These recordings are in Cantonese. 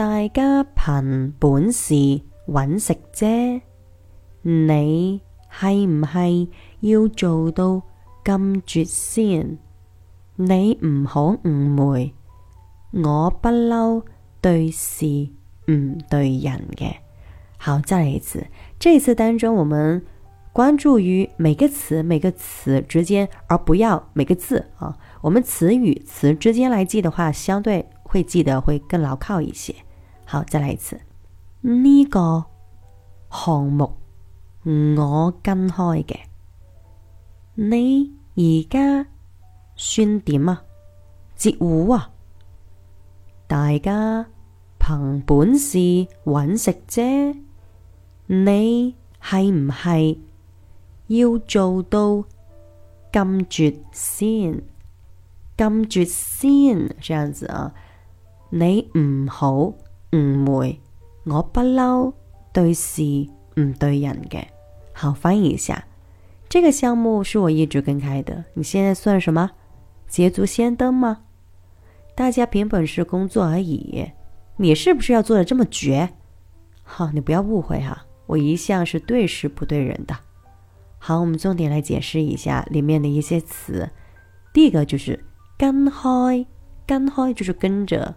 大家憑本事揾食啫，你係唔係要做到咁絕先？你唔好誤會，我不嬲對事唔對人嘅。好，再來一次，這次當中，我們關注於每個詞每個詞之間，而不要每個字啊。我們詞與詞之間嚟記的話，相對會記得會更牢靠一些。好，再嚟一次。呢個項目我跟開嘅，你而家算點啊？截胡啊？大家憑本事揾食啫。你係唔係要做到咁絕先？咁絕先？這樣子啊？你唔好。唔會、嗯，我不嬲，對事唔對人嘅。好，翻譯一下，這個項目是我一直跟開的，你現在算什麼？捷足先登嗎？大家憑本事工作而已，你是不是要做得這麼絕？好，你不要誤會哈、啊，我一向是對事不對人的。好，我們重點來解釋一下裏面的一些詞。第一個就是跟開，跟開就是跟着。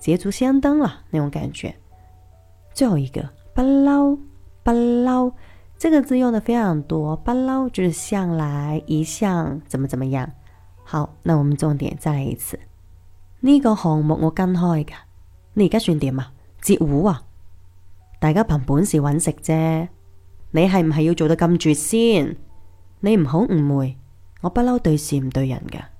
捷足先登啦那種感覺。最後一個“不嬲”“不嬲”這個字用得非常多，“不嬲”就是向來一向怎麼怎麼樣。好，那我們重點再來一次。呢個項目我跟開噶，你而家算點啊？截胡啊？大家憑本事搵食啫。你係唔係要做到咁絕先？你唔好誤會，我不嬲對事唔對人噶。